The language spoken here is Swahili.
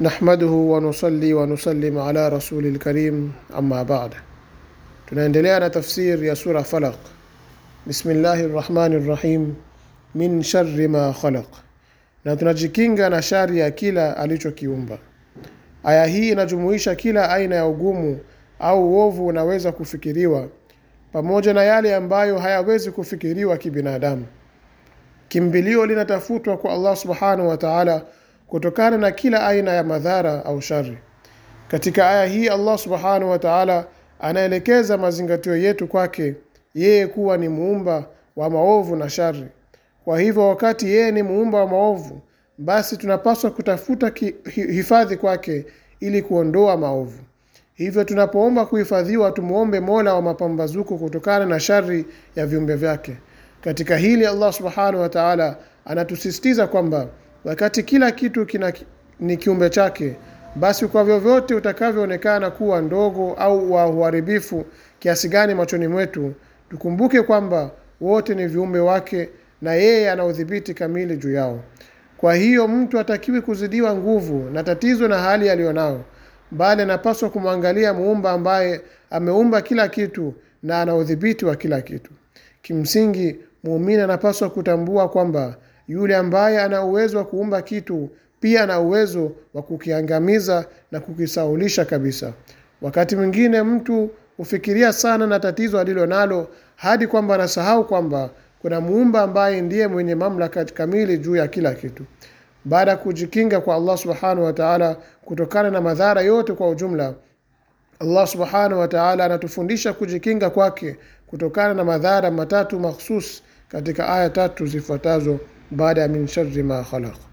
nahmaduhu wa nusalli wa nusallim ala rasulil karim amma ba'd. Tunaendelea na tafsir ya sura Falaq. Bismillahir rahmanir rahim, min sharri ma khalaq, na tunajikinga na shari ya kila alichokiumba. Aya hii inajumuisha kila aina ya ugumu au uovu unaweza kufikiriwa pamoja na yale ambayo hayawezi kufikiriwa kibinadamu. Kimbilio linatafutwa kwa Allah subhanahu wa ta'ala kutokana na kila aina ya madhara au shari katika aya hii Allah subhanahu wa ta'ala anaelekeza mazingatio yetu kwake yeye kuwa ni muumba wa maovu na shari kwa hivyo wakati yeye ni muumba wa maovu basi tunapaswa kutafuta ki, hifadhi kwake ili kuondoa maovu hivyo tunapoomba kuhifadhiwa tumuombe Mola wa mapambazuko kutokana na shari ya viumbe vyake katika hili Allah subhanahu wa ta'ala anatusisitiza kwamba Wakati kila kitu kina ni kiumbe chake, basi kwa vyovyote utakavyoonekana kuwa ndogo au wa uharibifu kiasi gani machoni mwetu, tukumbuke kwamba wote ni viumbe wake na yeye ana udhibiti kamili juu yao. Kwa hiyo mtu hatakiwi kuzidiwa nguvu na tatizo na hali aliyonao, bali anapaswa kumwangalia muumba ambaye ameumba kila kitu na ana udhibiti wa kila kitu. Kimsingi, muumini anapaswa kutambua kwamba yule ambaye ana uwezo wa kuumba kitu pia ana uwezo wa kukiangamiza na kukisaulisha kabisa. Wakati mwingine mtu hufikiria sana na tatizo alilo nalo hadi kwamba anasahau kwamba kuna muumba ambaye ndiye mwenye mamlaka kamili juu ya kila kitu. Baada ya kujikinga kwa Allah subhanahu wa ta'ala kutokana na madhara yote kwa ujumla, Allah subhanahu wa ta'ala anatufundisha kujikinga kwake kutokana na madhara matatu mahsus katika aya tatu zifuatazo. بعد من شر ما خلق